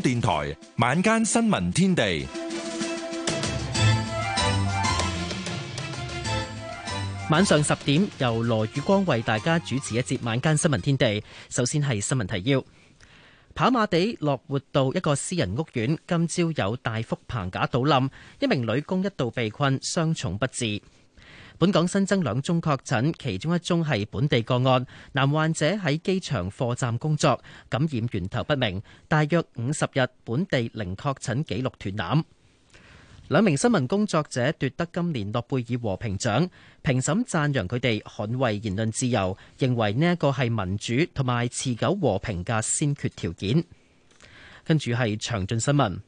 電台晚間新聞天地，晚上十點由羅宇光為大家主持一節晚間新聞天地。首先係新聞提要：跑馬地落活道一個私人屋苑，今朝有大幅棚架倒冧，一名女工一度被困，傷重不治。本港新增兩宗確診，其中一宗係本地個案，男患者喺機場貨站工作，感染源頭不明。大約五十日，本地零確診記錄斷纜。兩名新聞工作者奪得今年諾貝爾和平獎，評審讚揚佢哋捍衞言論自由，認為呢一個係民主同埋持久和平嘅先決條件。跟住係詳盡新聞。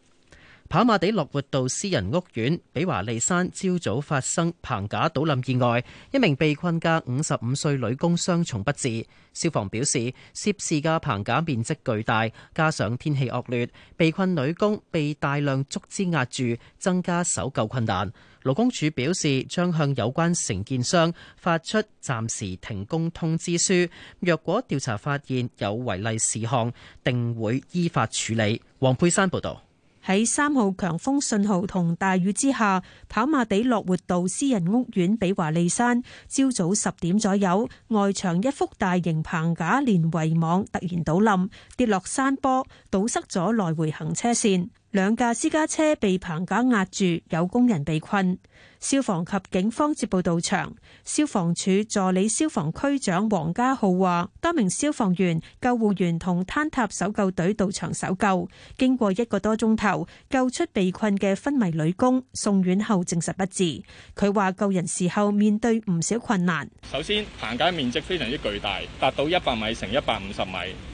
跑馬地樂活道私人屋苑比華利山，朝早發生棚架倒冧意外，一名被困嘅五十五歲女工傷重不治。消防表示，涉事嘅棚架面積巨大，加上天氣惡劣，被困女工被大量竹枝壓住，增加搜救困難。勞工處表示，將向有關承建商發出暫時停工通知書。若果調查發現有違例事項，定會依法處理。黃佩珊報道。喺三號強風信號同大雨之下，跑馬地樂活道私人屋苑比華利山，朝早十點左右，外牆一幅大型棚架連圍網突然倒冧，跌落山坡，堵塞咗來回行車線，兩架私家車被棚架壓住，有工人被困。消防及警方接報到場，消防處助理消防區長黃家浩話：多名消防員、救護員同坍塌搜救隊到場搜救，經過一個多鐘頭，救出被困嘅昏迷女工，送院後證實不治。佢話救人時候面對唔少困難，首先棚架面積非常之巨大，達到一百米乘一百五十米。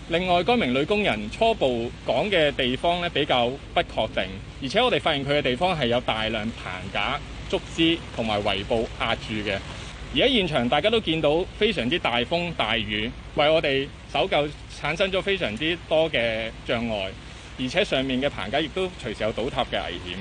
另外，該名女工人初步講嘅地方呢比較不確定，而且我哋發現佢嘅地方係有大量棚架。竹枝同埋圍布壓住嘅。而家現場，大家都見到非常之大風大雨，為我哋搜救產生咗非常之多嘅障礙，而且上面嘅棚架亦都隨時有倒塌嘅危險。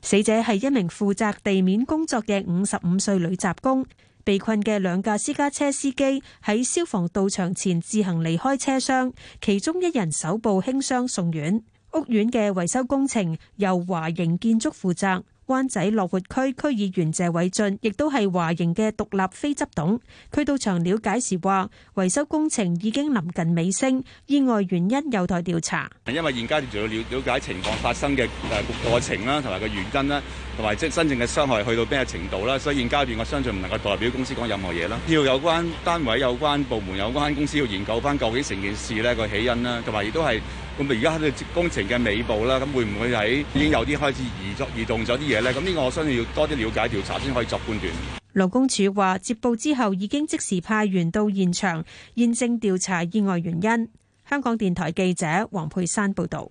死者係一名負責地面工作嘅五十五歲女雜工。被困嘅兩架私家車司機喺消防到場前自行離開車廂，其中一人手部輕傷送院。屋苑嘅維修工程由華營建築負責。灣仔樂活區區議員謝偉俊亦都係華營嘅獨立非執董，佢到場了解時話，維修工程已經臨近尾聲，意外原因有待調查。因為現階段仲要了了解情況發生嘅誒過程啦，同埋個原因啦，同埋即係真正嘅傷害去到邊個程度啦，所以現階段我相信唔能夠代表公司講任何嘢啦。要有關單位、有關部門、有關公司要研究返究竟成件事呢個起因啦，同埋亦都係。咁咪而家喺度工程嘅尾部啦，咁會唔會喺已經有啲開始移作移動咗啲嘢咧？咁、這、呢個我相信要多啲了解調查先可以作判斷。勞工處話接報之後已經即時派員到現場驗證調查意外原因。香港電台記者黃佩珊報道。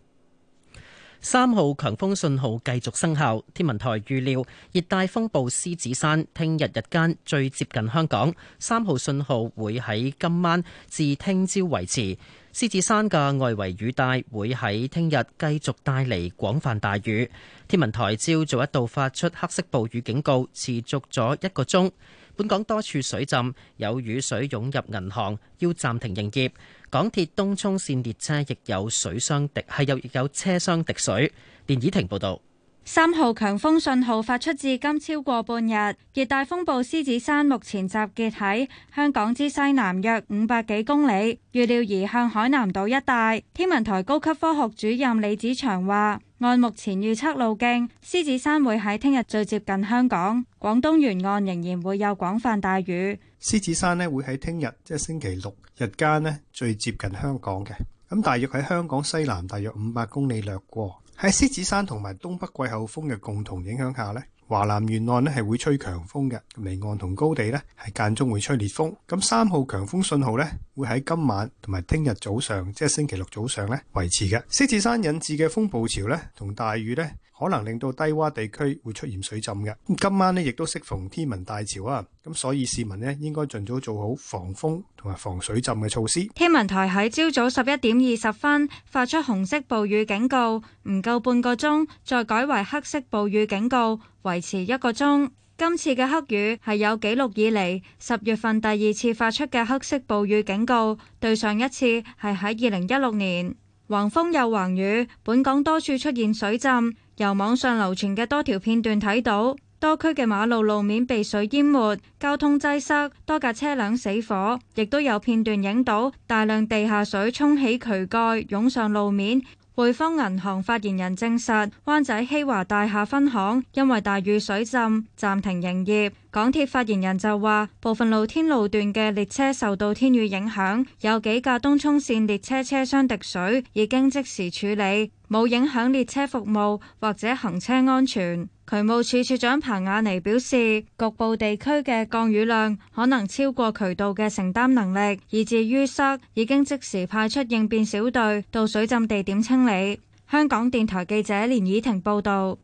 三號強風信號繼續生效，天文台預料熱帶風暴獅子山聽日日間最接近香港，三號信號會喺今晚至聽朝維持。獅子山嘅外圍雨帶會喺聽日繼續帶嚟廣泛大雨。天文台朝早一度發出黑色暴雨警告，持續咗一個鐘。本港多處水浸，有雨水湧入銀行，要暫停營業。港鐵東涌綫列車亦有水箱滴係有亦有車廂滴水。連子婷報道。三號強風信號發出至今超過半日，熱帶風暴獅子山目前集結喺香港之西南約五百幾公里，預料移向海南島一帶。天文台高級科學主任李子祥話，按目前預測路徑，獅子山會喺聽日最接近香港。廣東沿岸仍然會有廣泛大雨。獅子山呢會喺聽日，即係星期六日間呢，最接近香港嘅，咁大約喺香港西南大約五百公里略過。喺獅子山同埋東北季候風嘅共同影響下呢，華南沿岸咧係會吹強風嘅，離岸同高地呢係間中會吹烈風。咁三號強風信號呢會喺今晚同埋聽日早上，即係星期六早上呢維持嘅。獅子山引致嘅風暴潮呢同大雨呢。可能令到低窪地區會出現水浸嘅。今晚呢，亦都適逢天文大潮啊，咁、啊、所以市民呢，應該盡早做好防風同埋防水浸嘅措施。天文台喺朝早十一點二十分發出紅色暴雨警告，唔夠半個鐘再改為黑色暴雨警告，維持一個鐘。今次嘅黑雨係有紀錄以嚟，十月份第二次發出嘅黑色暴雨警告，對上一次係喺二零一六年。橫風又橫雨，本港多處出現水浸。由網上流傳嘅多條片段睇到，多區嘅馬路路面被水淹沒，交通擠塞，多架車輛死火。亦都有片段影到大量地下水沖起渠蓋，湧上路面。匯豐銀行發言人證實，灣仔希華大廈分行因為大雨水浸暫停營業。港鐵發言人就話，部分露天路段嘅列車受到天雨影響，有幾架東涌線列車車廂滴水，已經即時處理。冇影響列車服務或者行車安全。渠務署署長彭雅妮表示，局部地區嘅降雨量可能超過渠道嘅承擔能力，以致淤塞。已經即時派出應變小隊到水浸地點清理。香港電台記者連倚婷報道。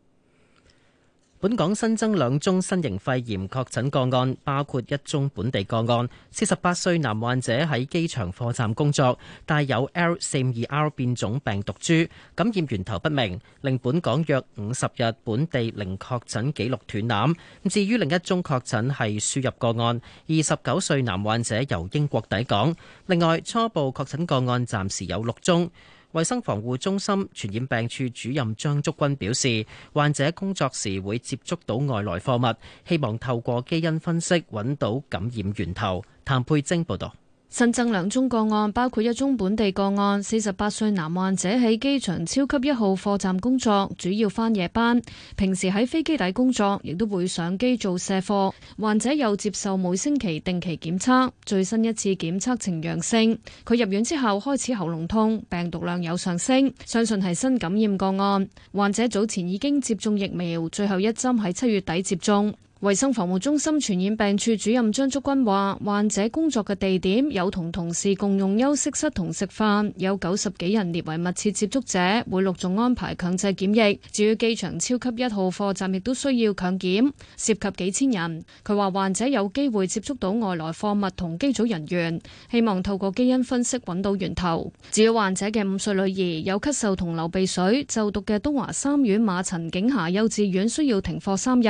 本港新增兩宗新型肺炎確診個案，包括一宗本地個案，四十八歲男患者喺機場貨站工作，帶有 L452R 變種病毒株，感染源頭不明，令本港約五十日本地零確診記錄斷纜。至於另一宗確診係輸入個案，二十九歲男患者由英國抵港。另外，初步確診個案暫時有六宗。衛生防護中心傳染病處主任張竹君表示，患者工作時會接觸到外來貨物，希望透過基因分析揾到感染源頭。譚佩晶報道。新增兩宗個案，包括一宗本地個案，四十八歲男患者喺機場超級一號貨站工作，主要返夜班，平時喺飛機底工作，亦都會上機做卸貨。患者又接受每星期定期檢測，最新一次檢測呈陽性。佢入院之後開始喉嚨痛，病毒量有上升，相信係新感染個案。患者早前已經接種疫苗，最後一針喺七月底接種。衛生防護中心傳染病處主任張竹君話，患者工作嘅地點有同同事共用休息室同食飯，有九十幾人列為密切接觸者，會陸續安排強制檢疫。至於機場超級一號貨站亦都需要強檢，涉及幾千人。佢話患者有機會接觸到外來貨物同機組人員，希望透過基因分析搵到源頭。至於患者嘅五歲女兒有咳嗽同流鼻水，就讀嘅東華三院馬陳景霞幼稚園需要停課三日。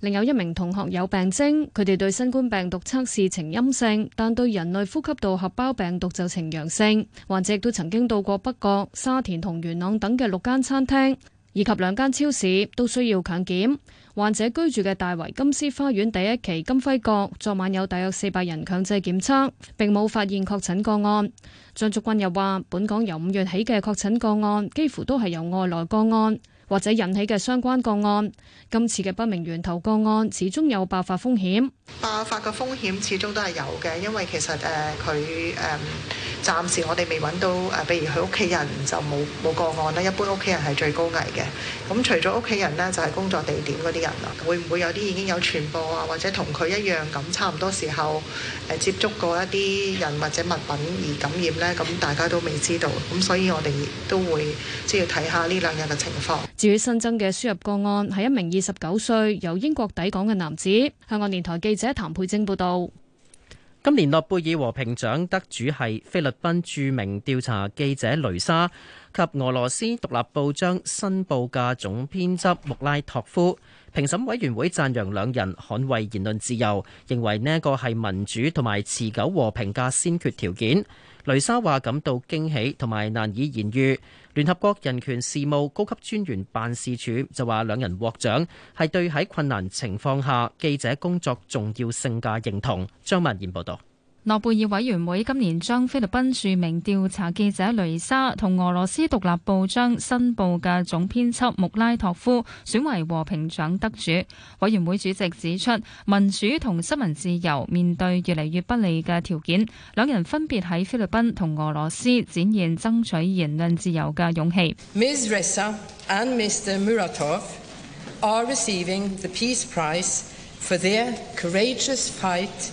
另有一名，同學有病徵，佢哋對新冠病毒測試呈陰性，但對人類呼吸道合胞病毒就呈陽性。患者亦都曾經到過北角、沙田同元朗等嘅六間餐廳，以及兩間超市，都需要強檢。患者居住嘅大圍金獅花園第一期金輝閣，昨晚有大約四百人強制檢測，並冇發現確診個案。張竹君又話，本港由五月起嘅確診個案，幾乎都係由外來個案，或者引起嘅相關個案，今次嘅不明源頭個案始終有爆發風險。爆發嘅風險始終都係有嘅，因為其實誒佢誒暫時我哋未揾到誒、呃，譬如佢屋企人就冇冇個案啦。一般屋企人係最高危嘅。咁除咗屋企人呢，就係、是、工作地點嗰啲人啦。會唔會有啲已經有傳播啊？或者同佢一樣咁差唔多時候？誒接觸過一啲人或者物品而感染呢，咁大家都未知道，咁所以我哋都會即係要睇下呢兩日嘅情況。至於新增嘅輸入個案係一名二十九歲由英國抵港嘅男子。香港電台記者譚佩貞報道。今年諾貝爾和平獎得主係菲律賓著名調查記者雷莎。及俄羅斯獨立報章新報嘅總編輯穆拉托夫，評審委員會讚揚兩人捍衞言論自由，認為呢一個係民主同埋持久和平嘅先決條件。雷莎話感到驚喜同埋難以言喻。聯合國人權事務高級專員辦事處就話兩人獲獎係對喺困難情況下記者工作重要性嘅認同。張文賢報道。諾貝爾委員會今年將菲律賓著名調查記者雷莎同俄羅斯獨立報章新報嘅總編輯穆拉托夫選為和平獎得主。委員會主席指出，民主同新聞自由面對越嚟越不利嘅條件，兩人分別喺菲律賓同俄羅斯展現爭取言論自由嘅勇氣。Miss Ressa and Mr. Muratov are receiving the Peace Prize for their courageous fight.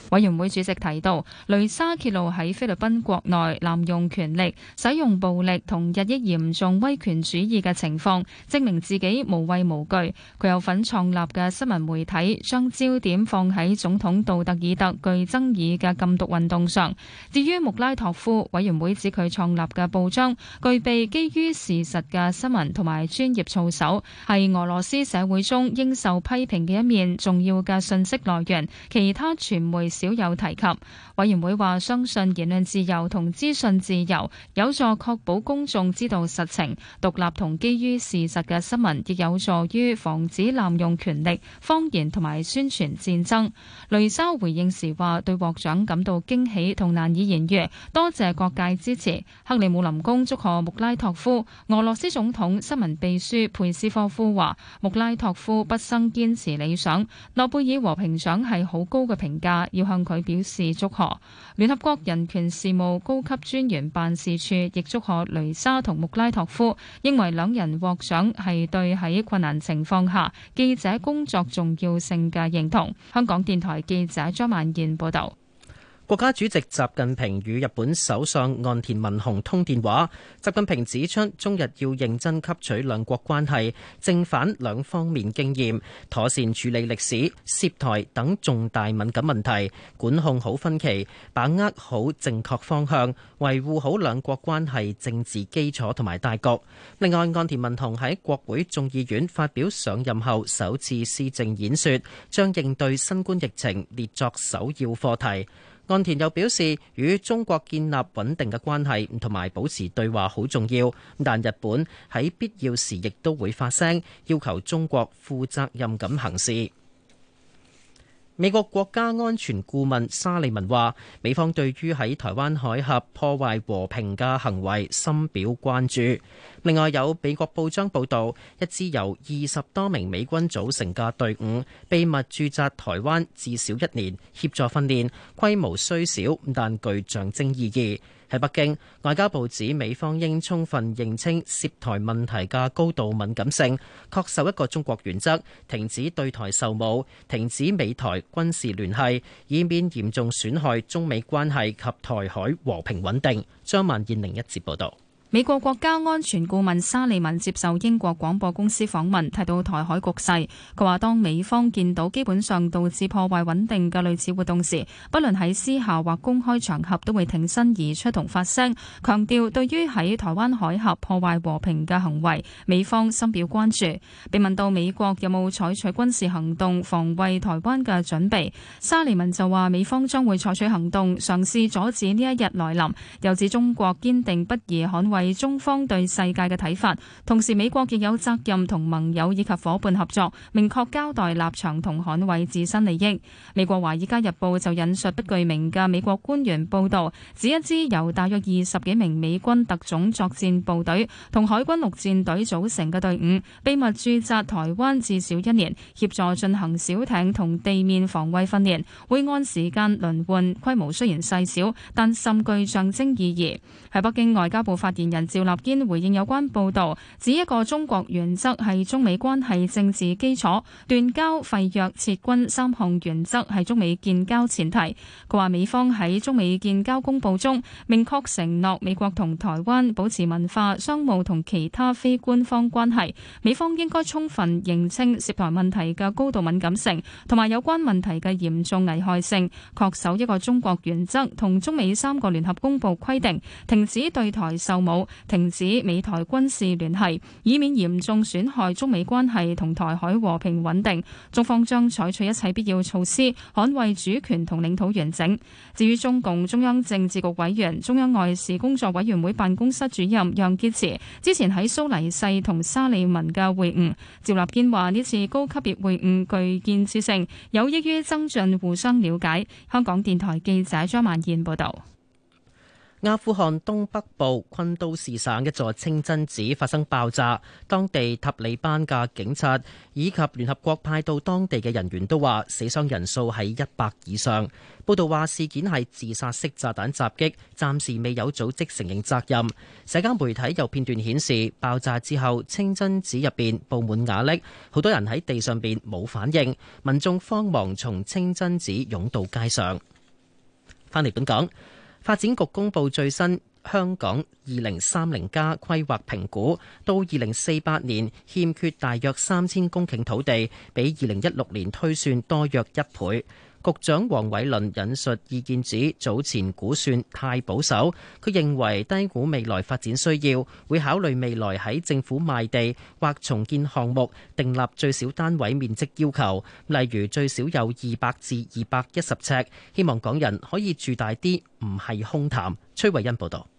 委員會主席提到，雷沙揭露喺菲律賓國內濫用權力、使用暴力同日益嚴重威權主義嘅情況，證明自己無畏無懼。佢有份創立嘅新聞媒體，將焦點放喺總統杜特爾特具爭議嘅禁毒運動上。至於穆拉托夫，委員會指佢創立嘅報章具備基於事實嘅新聞同埋專業操守，係俄羅斯社會中應受批評嘅一面重要嘅信息來源。其他傳媒少有提及。委員會話相信言論自由同資訊自由有助確保公眾知道實情，獨立同基於事實嘅新聞亦有助於防止濫用權力、謊言同埋宣傳戰爭。雷沙回應時話：對獲獎感到驚喜同難以言喻，多謝各界支持。克里姆林宮祝賀穆拉托夫。俄羅斯總統新聞秘書佩斯科夫話：穆拉托夫畢生堅持理想。諾貝爾和平獎係好高嘅評價，要。向佢表示祝賀。聯合國人權事務高級專員辦事處亦祝賀雷莎同穆拉托夫，認為兩人獲獎係對喺困難情況下記者工作重要性嘅認同。香港電台記者張萬燕報道。國家主席習近平與日本首相岸田文雄通電話。習近平指出，中日要認真吸取兩國關係正反兩方面經驗，妥善處理歷史、涉台等重大敏感問題，管控好分歧，把握好正確方向，維護好兩國關係政治基礎同埋大局。另外，岸田文雄喺國會眾議院發表上任後首次施政演說，將應對新冠疫情列作首要課題。岸田又表示，與中國建立穩定嘅關係同埋保持對話好重要，但日本喺必要時亦都會發聲，要求中國負責任咁行事。美國國家安全顧問沙利文話：美方對於喺台灣海峽破壞和平嘅行為深表關注。另外，有美國報章報道，一支由二十多名美軍組成嘅隊伍，秘密駐紮台灣至少一年，協助訓練，規模雖小，但具象徵意義。喺北京，外交部指美方應充分認清涉台問題嘅高度敏感性，恪守一個中國原則，停止對台售武，停止美台軍事聯繫，以免嚴重損害中美關係及台海和平穩定。張曼燕另一節報道。美國國家安全顧問沙利文接受英國廣播公司訪問，提到台海局勢。佢話：當美方見到基本上導致破壞穩定嘅類似活動時，不論喺私下或公開場合，都會挺身而出同發聲。強調對於喺台灣海峽破壞和平嘅行為，美方深表關注。被問到美國有冇採取軍事行動防衛台灣嘅準備，沙利文就話：美方將會採取行動，嘗試阻止呢一日來臨。又指中國堅定不移捍衛係中方對世界嘅睇法，同時美國亦有責任同盟友以及夥伴合作，明確交代立場同捍衛自身利益。美國《華爾街日報》就引述不具名嘅美國官員報道，指一支由大約二十幾名美軍特種作戰部隊同海軍陸戰隊組成嘅隊伍，秘密駐紮台灣至少一年，協助進行小艇同地面防衛訓練，會按時間輪換，規模雖然細小，但甚具象徵意義。喺北京外交部發言。人趙立堅回應有關報道，指一個中國原則係中美關係政治基礎，斷交、廢約、撤軍三項原則係中美建交前提。佢話美方喺中美建交公報中明確承諾，美國同台灣保持文化、商務同其他非官方關係。美方應該充分認清涉台問題嘅高度敏感性，同埋有關問題嘅嚴重危害性，恪守一個中國原則同中美三個聯合公報規定，停止對台售武。停止美台軍事聯繫，以免嚴重損害中美關係同台海和平穩定。中方將採取一切必要措施，捍衛主權同領土完整。至於中共中央政治局委員、中央外事工作委員會辦公室主任楊潔篪，之前喺蘇黎世同沙利文嘅會晤，趙立堅話呢次高級別會晤具建設性，有益於增進互相了解。香港電台記者張曼燕報道。阿富汗東北部昆都士省一座清真寺發生爆炸，當地塔利班嘅警察以及聯合國派到當地嘅人員都話死傷人數係一百以上。報道話事件係自殺式炸彈襲擊，暫時未有組織承認責任。社交媒體有片段顯示爆炸之後清真寺入邊布滿瓦礫，好多人喺地上邊冇反應，民眾慌忙從清真寺湧到街上。翻嚟本港。發展局公布最新香港二零三零加規劃評估，到二零四八年欠缺大約三千公頃土地，比二零一六年推算多約一倍。局長黃偉綸引述意見指，早前估算太保守。佢認為低估未來發展需要，會考慮未來喺政府賣地或重建項目訂立最少單位面積要求，例如最少有二百至二百一十尺。希望港人可以住大啲，唔係空談。崔慧恩報道。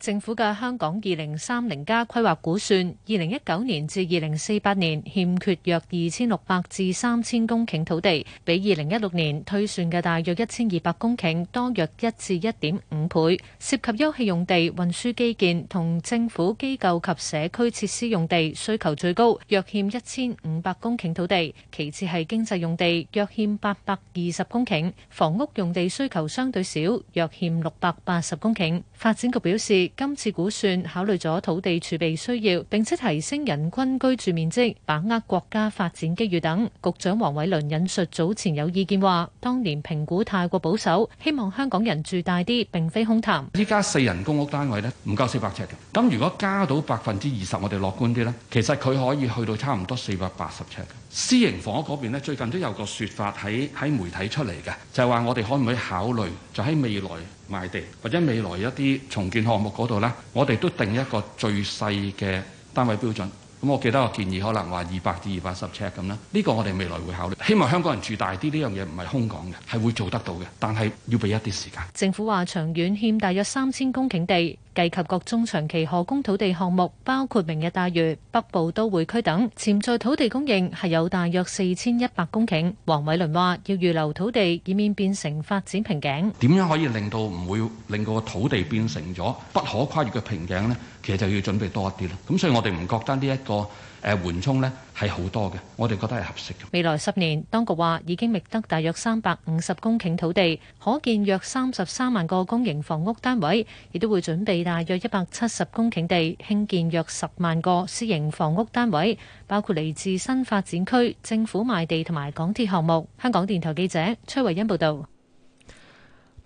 政府嘅香港二零三零加規劃估算，二零一九年至二零四八年欠缺約二千六百至三千公頃土地，比二零一六年推算嘅大約一千二百公頃多約一至一點五倍。涉及休憩用地、運輸基建同政府機構及社區設施用地需求最高，約欠一千五百公頃土地；其次係經濟用地，約欠八百二十公頃；房屋用地需求相對少，約欠六百八十公頃。發展局表示。今次估算考慮咗土地儲備需要，並且提升人均居住面積，把握國家發展機遇等。局長黃偉綸引述早前有意見話，當年評估太過保守，希望香港人住大啲，並非空談。依家四人公屋單位呢，唔夠四百尺嘅。咁如果加到百分之二十，我哋樂觀啲咧，其實佢可以去到差唔多四百八十尺。私營房屋嗰邊咧，最近都有個説法喺喺媒體出嚟嘅，就係話我哋可唔可以考慮，就喺未來賣地或者未來一啲重建項目嗰度咧，我哋都定一個最細嘅單位標準。咁、嗯、我記得我建議可能話二百至二百十尺咁啦，呢個我哋未來會考慮。希望香港人住大啲呢樣嘢唔係空講嘅，係會做得到嘅，但係要俾一啲時間。政府話長遠欠大約三千公頃地，計及各種長期可供土地項目，包括明日大嶼、北部都會區等，潛在土地供應係有大約四千一百公頃。黃偉倫話要預留土地，以免變成發展瓶頸。點樣可以令到唔會令個土地變成咗不可跨越嘅瓶頸呢？其實就要準備多一啲啦，咁所以我哋唔覺得呢一個誒緩衝咧係好多嘅，我哋覺得係合適嘅。未來十年，當局話已經覓得大約三百五十公頃土地，可建約三十三萬個公營房屋單位，亦都會準備大約一百七十公頃地興建約十萬個私營房屋單位，包括嚟自新發展區、政府賣地同埋港鐵項目。香港電台記者崔慧欣報道。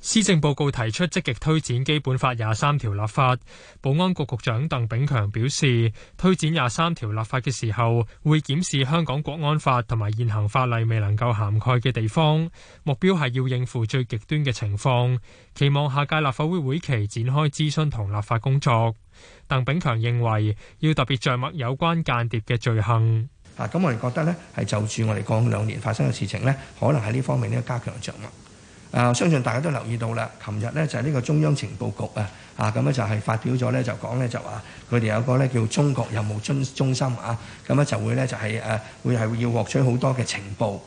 施政報告提出積極推展基本法廿三條立法，保安局局長鄧炳強表示，推展廿三條立法嘅時候會檢視香港國安法同埋現行法例未能夠涵蓋嘅地方，目標係要應付最極端嘅情況，期望下屆立法會會期展開諮詢同立法工作。鄧炳強認為要特別著墨有關間諜嘅罪行。嗱、啊，咁我哋覺得呢，係就住我哋近兩年發生嘅事情呢，可能喺呢方面呢加強著墨。啊、呃，相信大家都留意到啦。琴日咧就係、是、呢個中央情報局啊，啊咁咧、啊、就係、是、發表咗咧就講咧就話佢哋有個咧叫中國任務中心啊，咁咧就會咧就係誒會係要獲取好多嘅情報。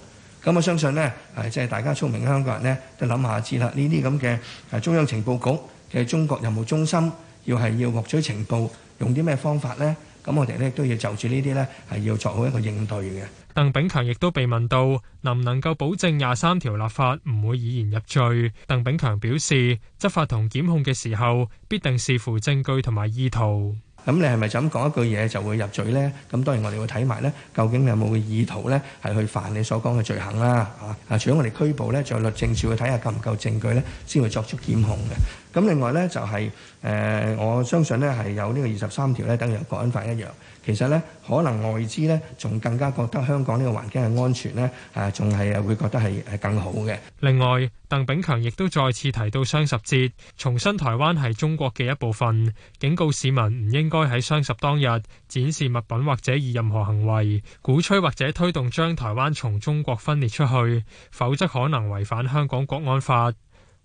咁我相信咧誒即係大家聰明嘅香港人咧都諗下知啦。呢啲咁嘅誒中央情報局嘅中國任務中心，啊啊啊就是啊、要係、啊啊啊、要、要獲取情報，用啲咩方法咧？咁我哋呢都要就住呢啲呢，係要做好一個應對嘅。鄧炳強亦都被問到，能唔能夠保證廿三條立法唔會以言入罪？鄧炳強表示，執法同檢控嘅時候，必定視乎證據同埋意圖。咁你係咪就咁講一句嘢就會入罪呢？咁當然我哋會睇埋呢，究竟你有冇嘅意圖呢，係去犯你所講嘅罪行啦。啊，除咗我哋拘捕呢，在律政處去睇下夠唔夠證據呢，先會作出檢控嘅。咁另外咧就係誒我相信咧係有呢個二十三條咧，等於國安法一樣。其實咧，可能外資咧仲更加覺得香港呢個環境係安全咧，啊仲係會覺得係係更好嘅。另外，鄧炳強亦都再次提到雙十節，重申台灣係中國嘅一部分，警告市民唔應該喺雙十當日展示物品或者以任何行為鼓吹或者推動將台灣從中國分裂出去，否則可能違反香港國安法。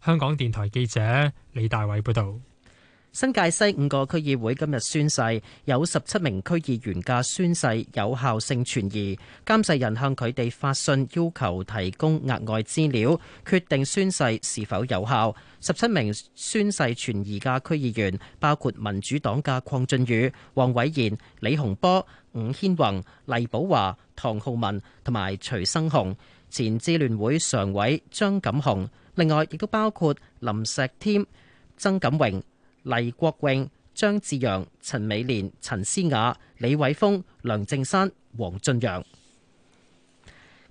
香港電台記者李大偉報道：新界西五個區議會今日宣誓，有十七名區議員嘅宣誓有效性存疑。監誓人向佢哋發信，要求提供額外資料，決定宣誓是否有效。十七名宣誓存疑嘅區議員，包括民主黨嘅鄺俊宇、黃偉賢、李洪波、伍謙宏、黎寶華、唐浩文同埋徐生雄。前支聯會常委張錦雄，另外亦都包括林石添、曾錦榮、黎國榮、張志陽、陳美蓮、陳思雅、李偉峰、梁正山、黃俊陽。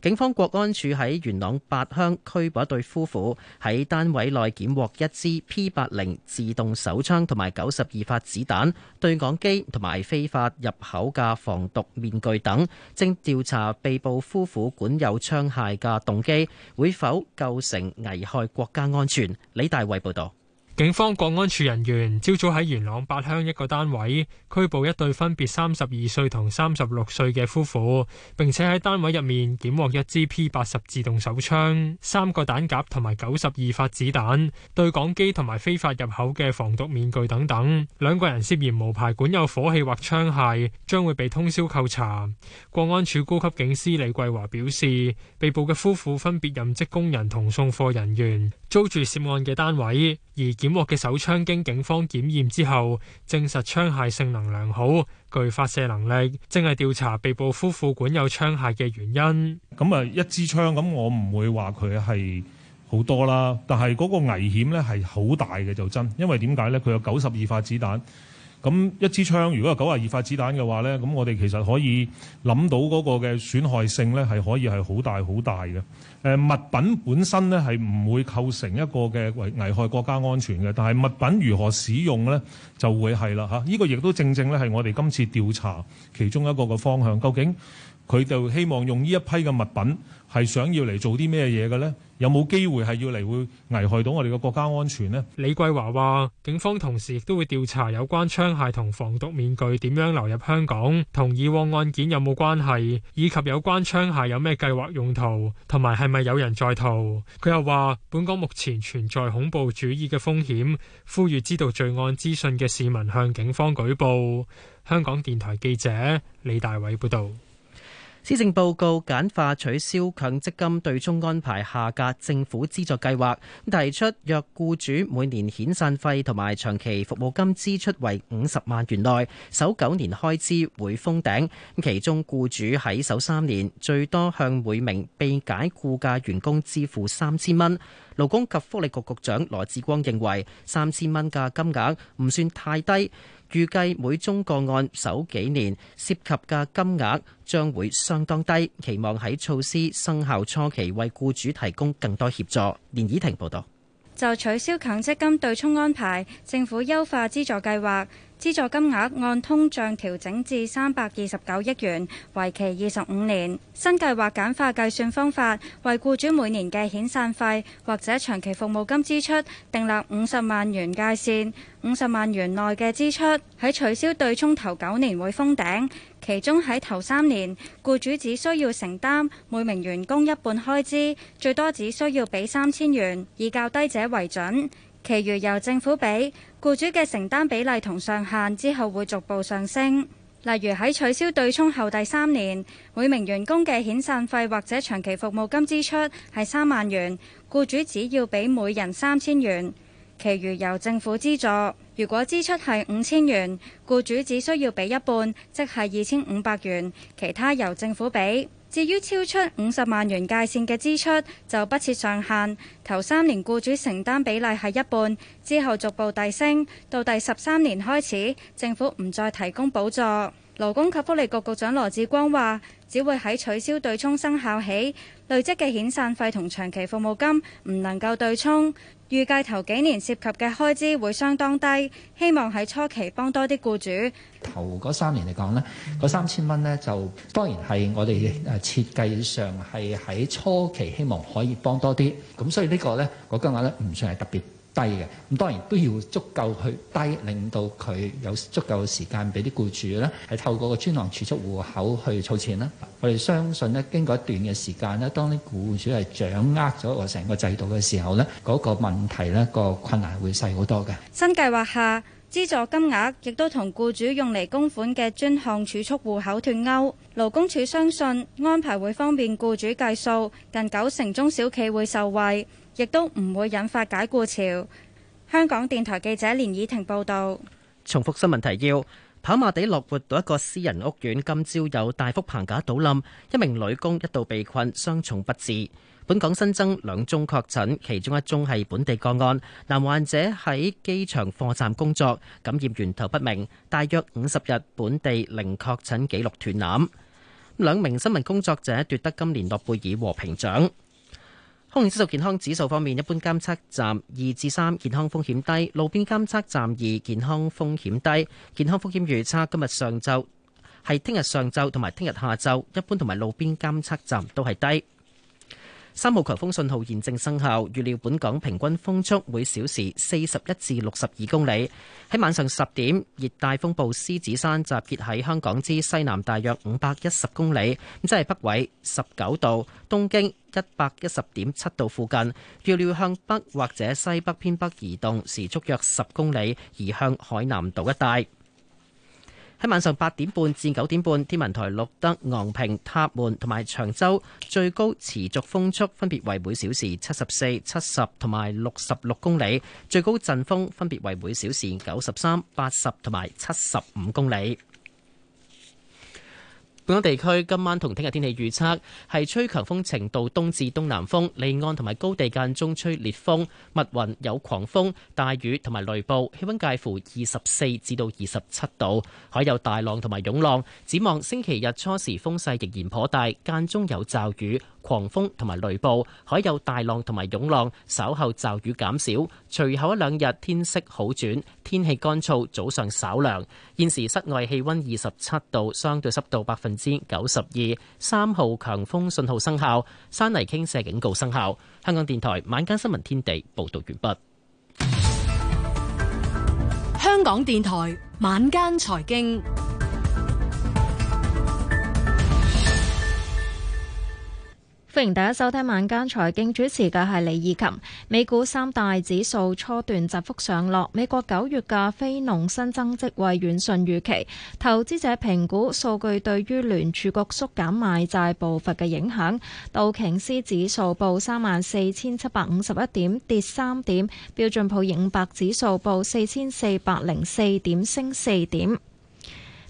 警方國安處喺元朗八鄉拘捕一對夫婦，喺單位內檢獲一支 P 八零自動手槍同埋九十二發子彈、對講機同埋非法入口嘅防毒面具等，正調查被捕夫婦管有槍械嘅動機，會否構成危害國家安全。李大衛報道。警方國安處人員朝早喺元朗八鄉一個單位拘捕一對分別三十二歲同三十六歲嘅夫婦，並且喺單位入面檢獲一支 P 八十自動手槍，三個彈夾同埋九十二發子彈、對講機同埋非法入口嘅防毒面具等等。兩個人涉嫌無牌管有火器或槍械，將會被通宵扣查。國安處高級警司李桂華表示，被捕嘅夫婦分別任職工人同送貨人員，租住涉案嘅單位，而檢獲嘅手槍經警方檢驗之後，證實槍械性能良好，具發射能力。正係調查被捕夫婦管有槍械嘅原因。咁啊，一支槍咁，我唔會話佢係好多啦，但係嗰個危險呢係好大嘅，就真。因為點解呢？佢有九十二發子彈。咁一支槍，如果係九廿二發子彈嘅話呢，咁我哋其實可以諗到嗰個嘅損害性呢，係可以係好大好大嘅。誒物品本身呢係唔會構成一個嘅危危害國家安全嘅，但係物品如何使用呢，就會係啦嚇。呢、啊呢個亦都正正呢係我哋今次調查其中一個嘅方向，究竟。佢就希望用呢一批嘅物品係想要嚟做啲咩嘢嘅咧？有冇機會係要嚟會危害到我哋嘅國家安全咧？李桂華話警方同時亦都會調查有關槍械同防毒面具點樣流入香港，同以往案件有冇關係，以及有關槍械有咩計劃用途，同埋係咪有人在逃。佢又話本港目前存在恐怖主義嘅風險，呼籲知道罪案資訊嘅市民向警方舉報，香港電台記者李大偉報道。施政報告簡化取消強積金對沖安排，下架政府資助計劃，提出若雇主每年遣散費同埋長期服務金支出為五十萬元內，首九年開支會封頂。其中，雇主喺首三年最多向每名被解雇嘅員工支付三千蚊。勞工及福利局局，局長羅致光認為，三千蚊嘅金額唔算太低。預計每宗個案首幾年涉及嘅金額將會相當低，期望喺措施生效初期為僱主提供更多協助。連倚婷報道。就取消強積金對沖安排，政府優化資助計劃，資助金額按通脹調整至三百二十九億元，為期二十五年。新計劃簡化計算方法，為僱主每年嘅遣散費或者長期服務金支出訂立五十萬元界線，五十萬元內嘅支出喺取消對沖頭九年會封頂。其中喺頭三年，僱主只需要承擔每名員工一半開支，最多只需要俾三千元，以較低者為準，其餘由政府俾。僱主嘅承擔比例同上限之後會逐步上升。例如喺取消對沖後第三年，每名員工嘅遣散費或者長期服務金支出係三萬元，僱主只要俾每人三千元，其餘由政府資助。如果支出係五千元，雇主只需要俾一半，即係二千五百元，其他由政府俾。至於超出五十萬元界線嘅支出，就不設上限。頭三年雇主承擔比例係一半，之後逐步遞升，到第十三年開始，政府唔再提供補助。勞工及福利局局長羅志光話，只會喺取消對沖生效起，累積嘅遣散費同長期服務金唔能夠對沖。預計頭幾年涉及嘅開支會相當低，希望喺初期幫多啲僱主。頭嗰三年嚟講咧，嗰三千蚊咧就當然係我哋誒設計上係喺初期希望可以幫多啲。咁所以呢個咧嗰金額咧唔算係特別低嘅，咁當然都要足夠去低，令到佢有足夠嘅時間俾啲僱主咧，係透過個專項儲蓄戶口去儲錢啦。我哋相信呢，經過一段嘅時間呢，當啲僱主係掌握咗個成個制度嘅時候呢，嗰個問題咧個困難會細好多嘅。新計劃下資助金額亦都同僱主用嚟供款嘅專項儲蓄戶口脫鈎。勞工處相信安排會方便僱主計數，近九成中小企會受惠。亦都唔會引發解雇潮。香港電台記者連以婷報道。重複新聞提要：跑馬地樂活道一個私人屋苑，今朝有大幅棚架倒冧，一名女工一度被困，傷重不治。本港新增兩宗確診，其中一宗係本地個案，男患者喺機場貨站工作，感染源頭不明。大約五十日本地零確診記錄斷纜。兩名新聞工作者奪得今年諾貝爾和平獎。風險指數健康指數方面，一般監測站二至三，健康風險低；路邊監測站二，健康風險低。健康風險預測今日上晝係聽日上晝同埋聽日下晝，一般同埋路邊監測站都係低。三號強風信號現正生效，預料本港平均風速每小時四十一至六十二公里。喺晚上十點，熱帶風暴獅子山集結喺香港之西南大約五百一十公里，咁即係北緯十九度，東經一百一十點七度附近。預料向北或者西北偏北移動，時速約十公里，移向海南島一帶。喺晚上八點半至九點半，天文台錄得昂坪、塔門同埋長洲最高持續風速分別為每小時七十四、七十同埋六十六公里，最高陣風分別為每小時九十三、八十同埋七十五公里。本港地區今晚同聽日天氣預測係吹強風程度東至東南風，離岸同埋高地間中吹烈風，密雲有狂風、大雨同埋雷暴，氣温介乎二十四至到二十七度，海有大浪同埋湧浪。展望星期日初時風勢仍然頗大，間中有驟雨、狂風同埋雷暴，海有大浪同埋湧浪。稍後驟雨減少，隨後一兩日天色好轉，天氣乾燥，早上稍涼。現時室外氣温二十七度，相對濕度百分百分之九十二，三號強風信號生效，山泥傾瀉警告生效。香港電台晚間新聞天地報道完畢。香港電台晚間財經。歡迎大家收聽晚間財經，主持嘅係李怡琴。美股三大指數初段窄幅上落，美國九月嘅非農新增職位遠遜預期，投資者評估數據對於聯儲局縮減買債步伐嘅影響。道瓊斯指數報三萬四千七百五十一點，跌三點；標準普爾五百指數報四千四百零四點，升四點。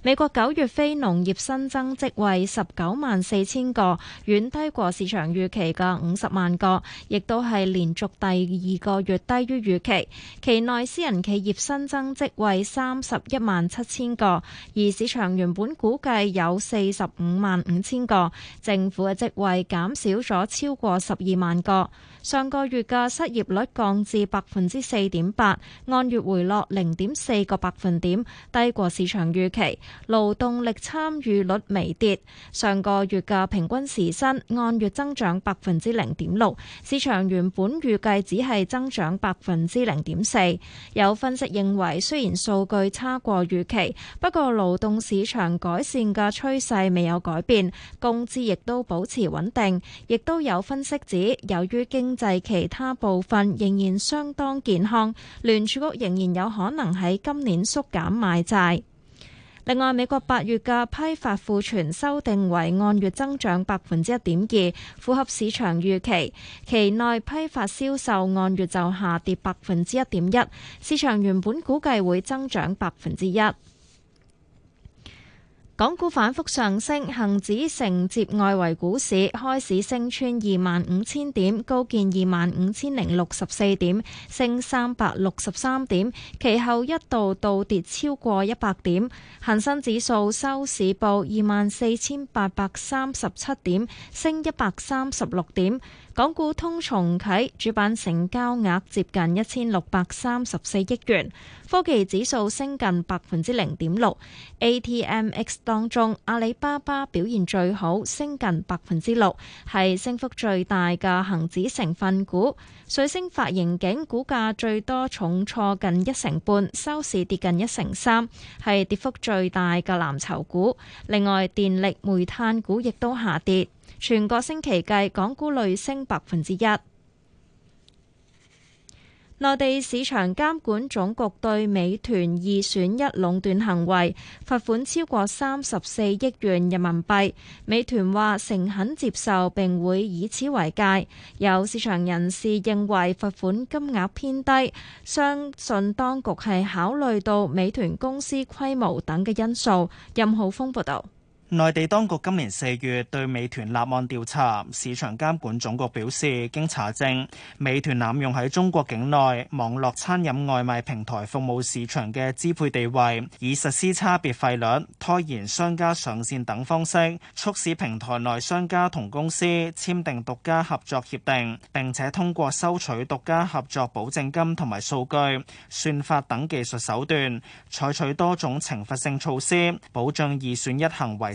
美國九月非農業新增職位十九萬四千個，遠低過市場預期嘅五十萬個，亦都係連續第二個月低於預期。期內私人企業新增職位三十一萬七千個，而市場原本估計有四十五萬五千個。政府嘅職位減少咗超過十二萬個。上個月嘅失業率降至百分之四點八，按月回落零點四個百分點，低過市場預期。勞動力參與率微跌，上個月嘅平均時薪按月增長百分之零點六，市場原本預計只係增長百分之零點四。有分析認為，雖然數據差過預期，不過勞動市場改善嘅趨勢未有改變，工資亦都保持穩定。亦都有分析指，由於經濟其他部分仍然相當健康，聯儲局仍然有可能喺今年縮減買債。另外，美國八月嘅批發庫存修訂為按月增長百分之一點二，符合市場預期。期內批發銷售按月就下跌百分之一點一，市場原本估計會增長百分之一。港股反覆上升，恒指承接外圍股市，開市升穿二萬五千點，高見二萬五千零六十四點，升三百六十三點。其後一度倒跌超過一百點，恒生指數收市報二萬四千八百三十七點，升一百三十六點。港股通重啟，主板成交額接近一千六百三十四億元，科技指數升近百分之零點六，ATMX 當中，阿里巴巴表現最好，升近百分之六，係升幅最大嘅恒指成分股。瑞聲發盈警股價最多重挫近一成半，收市跌近一成三，係跌幅最大嘅藍籌股。另外，電力煤炭股亦都下跌。全個星期計，港股累升百分之一。內地市場監管總局對美團二選一壟斷行為罰款超過三十四億元人民幣。美團話誠懇接受，並會以此為戒。有市場人士認為罰款金額偏低，相信當局係考慮到美團公司規模等嘅因素。任浩峰報道。內地當局今年四月對美團立案調查，市場監管總局表示，經查證，美團濫用喺中國境內網絡餐飲外賣平台服務市場嘅支配地位，以實施差別費率、拖延商家上線等方式，促使平台內商家同公司簽訂獨家合作協定，並且通過收取獨家合作保證金同埋數據、算法等技術手段，採取多種懲罰性措施，保障二選一行為。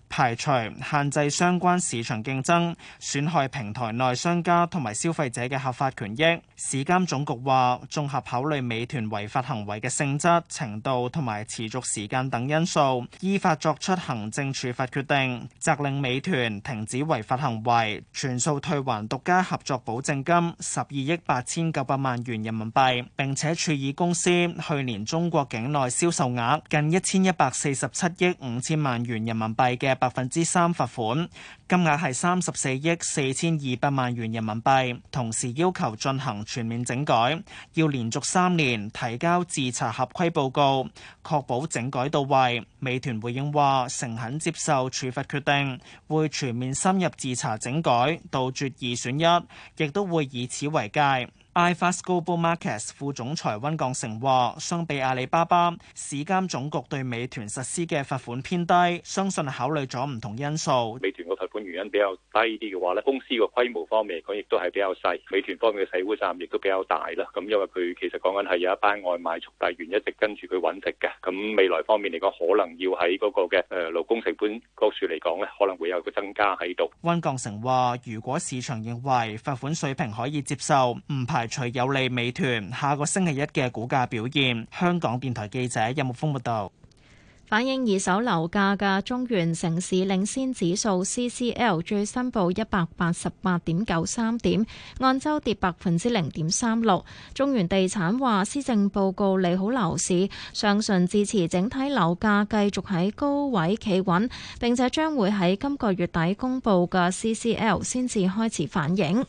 排除限制相關市場競爭，損害平台內商家同埋消費者嘅合法權益。市監總局話，綜合考慮美團違法行為嘅性質、程度同埋持續時間等因素，依法作出行政處罰決定，責令美團停止違法行為，全數退還獨家合作保證金十二億八千九百萬元人民幣，並且處以公司去年中國境內銷售額近一千一百四十七億五千萬元人民幣嘅百分之三罰款，金額係三十四億四千二百萬元人民幣，同時要求進行全面整改，要連續三年提交自查合規報告，確保整改到位。美團回應話，誠懇接受處罰決定，會全面深入自查整改，杜絕二選一，亦都會以此為戒。iFast Global Markets 副總裁溫鋼城話：相比阿里巴巴，市監總局對美團實施嘅罰款偏低，相信考慮咗唔同因素。美團個罰款原因比較低啲嘅話咧，公司個規模方面嚟講亦都係比較細，美團方面嘅社會責任亦都比較大啦。咁因為佢其實講緊係有一班外賣速遞員一直跟住佢揾食嘅，咁未來方面嚟講，可能要喺嗰個嘅誒勞工成本各處嚟講咧，可能會有個增加喺度。溫鋼城話：如果市場認為罰款水平可以接受，唔排排除有利美團下個星期一嘅股價表現。香港電台記者任木峰報道，反映二手樓價嘅中原城市領先指數 （CCL） 最新報一百八十八點九三點，按周跌百分之零點三六。中原地產話，施政報告利好樓市，相信支持整體樓價繼續喺高位企穩，並且將會喺今個月底公布嘅 CCL 先至開始反映。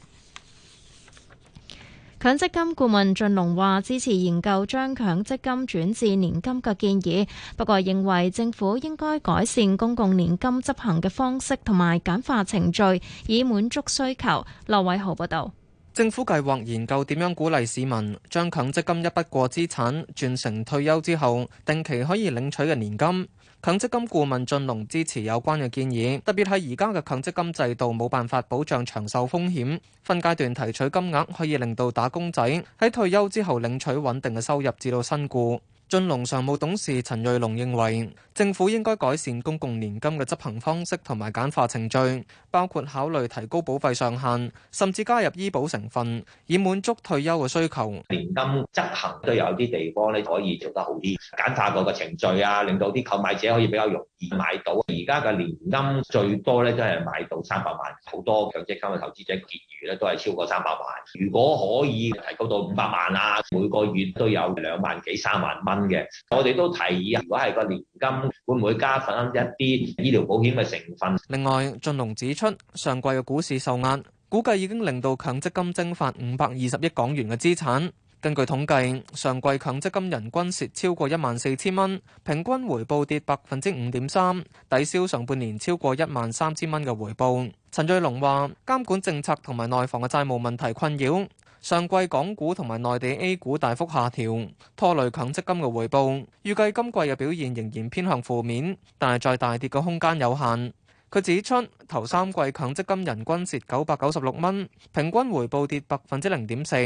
強積金顧問俊龍話：支持研究將強積金轉至年金嘅建議，不過認為政府應該改善公共年金執行嘅方式同埋簡化程序，以滿足需求。劉偉豪報導。政府計劃研究點樣鼓勵市民將強積金一筆過資產轉成退休之後定期可以領取嘅年金。強積金顧問進龍支持有關嘅建議，特別係而家嘅強積金制度冇辦法保障長壽風險，分階段提取金額可以令到打工仔喺退休之後領取穩定嘅收入至新，至到身故。俊龍常務董事陳瑞龍認為，政府應該改善公共年金嘅執行方式同埋簡化程序，包括考慮提高保費上限，甚至加入醫保成分，以滿足退休嘅需求。年金執行都有啲地方咧可以做得好啲，簡化個嘅程序啊，令到啲購買者可以比較容易買到。而家嘅年金最多咧都係買到三百萬，好多強積金嘅投資者結餘咧都係超過三百萬。如果可以提高到五百萬啊，每個月都有兩萬幾三萬蚊。嘅，我哋都提議，如果係個年金，會唔會加上一啲醫療保險嘅成分？另外，俊龍指出，上季嘅股市受壓，估計已經令到強積金蒸發五百二十億港元嘅資產。根據統計，上季強積金人均蝕超過一萬四千蚊，平均回報跌百分之五點三，抵消上半年超過一萬三千蚊嘅回報。陳瑞龍話，監管政策同埋內房嘅債務問題困擾。上季港股同埋內地 A 股，大幅下調，拖累強積金嘅回報，預計今季嘅表現仍然偏向負面，但係再大跌嘅空間有限。佢指出，頭三季強積金人均蝕九百九十六蚊，平均回報跌百分之零點四，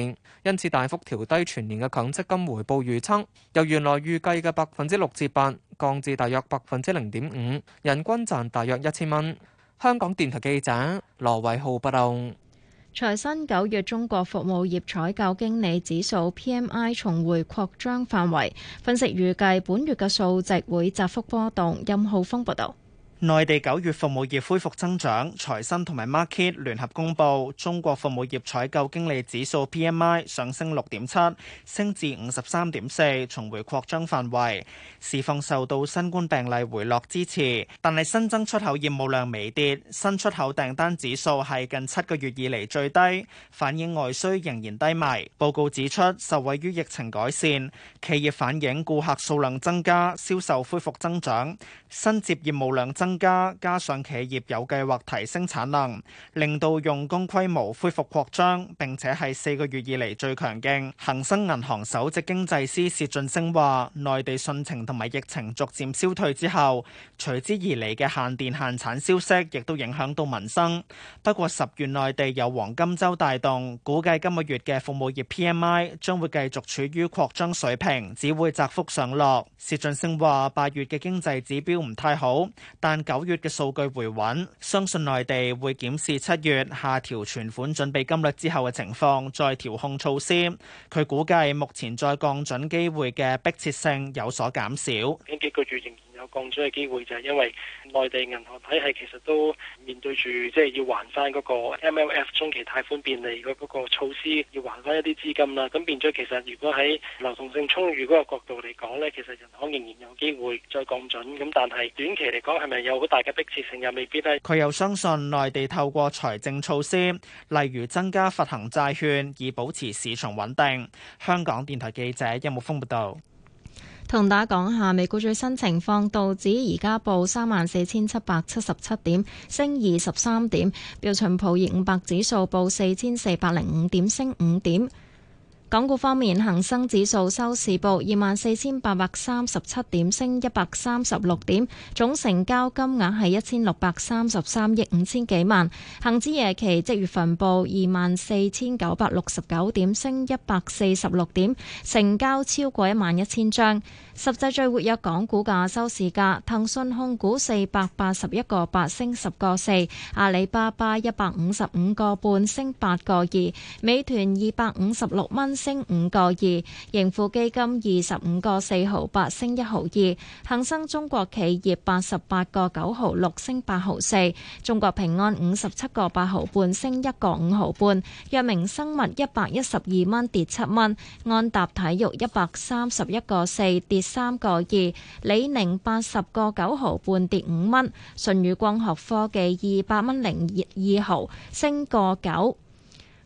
因此大幅調低全年嘅強積金回報預測，由原來預計嘅百分之六至八，降至大約百分之零點五，人均賺大約一千蚊。香港電台記者羅偉浩報道。財新九月中國服務業採購經理指數 PMI 重回擴張範圍，分析預計本月嘅數值會窄幅波動。任浩峰報道。內地九月服務業恢復增長，財新同埋 Markit 聯合公布中國服務業採購經理指數 PMI 上升六點七，升至五十三點四，重回擴張範圍。市況受到新冠病例回落支持，但係新增出口業務量微跌，新出口訂單指數係近七個月以嚟最低，反映外需仍然低迷。報告指出，受惠於疫情改善，企業反映顧客數量增加，銷售恢復增長，新接業務量增。增加加上企業有計劃提升產能，令到用工規模恢復擴張，並且係四個月以嚟最強勁。恒生銀行首席經濟師薛俊升話：內地汛情同埋疫情逐漸消退之後，隨之而嚟嘅限電限產消息亦都影響到民生。不過十月內地有黃金周帶動，估計今個月嘅服務業 P M I 將會繼續處於擴張水平，只會窄幅上落。薛俊升話：八月嘅經濟指標唔太好，但九月嘅數據回穩，相信內地會檢視七月下調存款準備金率之後嘅情況，再調控措施。佢估計目前再降準機會嘅迫切性有所減少。有降準嘅機會，就係因為內地銀行體系其實都面對住，即係要還翻嗰個 MLF 中期貸款便利嗰嗰個措施，要還翻一啲資金啦。咁變咗，其實如果喺流動性充裕嗰個角度嚟講呢，其實銀行仍然有機會再降準。咁但係短期嚟講，係咪有好大嘅迫切性，又未必咧。佢又相信內地透過財政措施，例如增加發行債券，以保持市場穩定。香港電台記者邱木峯報道。同大家講下美股最新情況，道指而家報三萬四千七百七十七點，升二十三點；標準普爾五百指數報四千四百零五點，升五點。港股方面，恒生指數收市報二萬四千八百三十七點，升一百三十六點，總成交金額係一千六百三十三億五千幾萬。恒指夜期即月份報二萬四千九百六十九點，升一百四十六點，成交超過一萬一千張。實際最活躍港股嘅收市價，騰訊控股四百八十一個八升十個四，阿里巴巴一百五十五個半升八個二，美團二百五十六蚊。升五個二，盈富基金二十五個四毫八升一毫二，恒生中國企業八十八個九毫六升八毫四，中國平安五十七個八毫半升一個五毫半，藥明生物一百一十二蚊跌七蚊，安踏體育一百三十一個四跌三個二，李寧八十個九毫半跌五蚊，舜宇光學科技二百蚊零二毫升個九。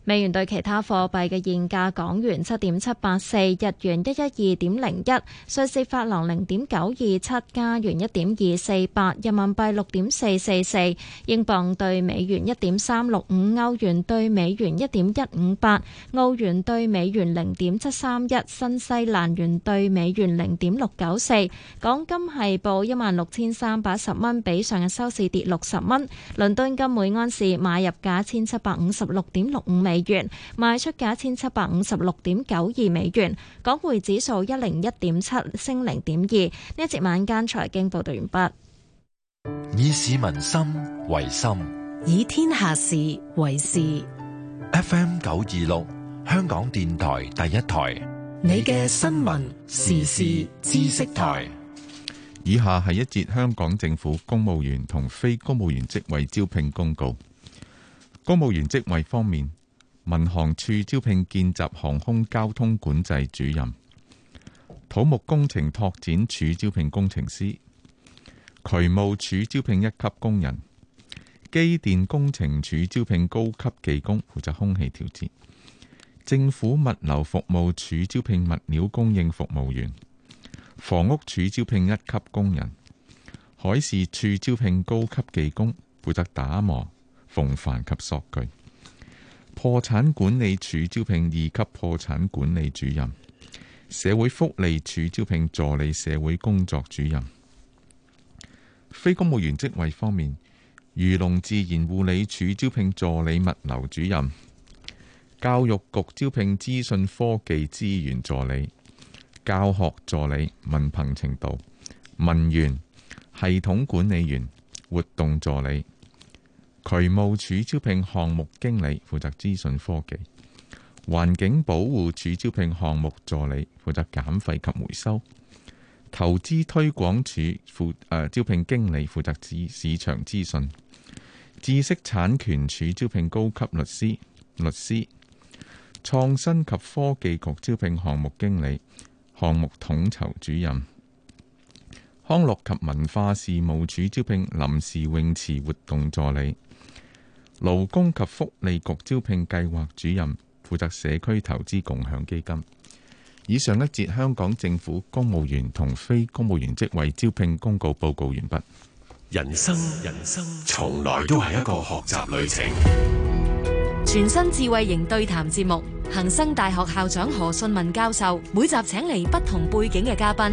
美元對其他貨幣嘅現價：港元七點七八四，日元一一二點零一，瑞士法郎零點九二七，加元一點二四八，人民幣六點四四四，英鎊對美元一點三六五，歐元對美元一點一五八，澳元對美元零點七三一，新西蘭元對美元零點六九四。港金係報一萬六千三百十蚊，比上日收市跌六十蚊。倫敦金每安士買入價千七百五十六點六五美。美元賣出價一千七百五十六點九二美元，港匯指數一零一點七升零點二。呢一節晚間財經報道完畢。以市民心為心，以天下事為事。FM 九二六，香港電台第一台，你嘅新聞時事知識台。以下係一節香港政府公務員同非公務員職位招聘公告。公務員職位方面。民航處招聘見習航空交通管制主任，土木工程拓展處招聘工程師，渠務處招聘一級工人，機電工程處招聘高級技工負責空氣調節，政府物流服務處招聘物料供應服務員，房屋處招聘一級工人，海事處招聘高級技工負責打磨、縫帆及索具。破產管理處招聘二級破產管理主任，社會福利處招聘助理社會工作主任。非公務員職位方面，漁農自然護理處招聘助理物流主任，教育局招聘資訊科技資源助理、教學助理、文憑程度文員、系統管理員、活動助理。渠務署招聘項目經理，負責資訊科技；環境保護署招聘項目助理，負責減廢及回收；投資推廣署負誒、呃、招聘經理，負責市市場資訊；知識產權署招聘高級律師、律師；創新及科技局招聘項目經理、項目統籌主任；康樂及文化事務署招聘臨時泳池活動助理。勞工及福利局招聘計劃主任負責社區投資共享基金。以上一節香港政府公務員同非公務員職位招聘公告報告完畢。人生，人生從來都係一個學習旅程。全新智慧型對談節目，恒生大學校長何信文教授每集請嚟不同背景嘅嘉賓。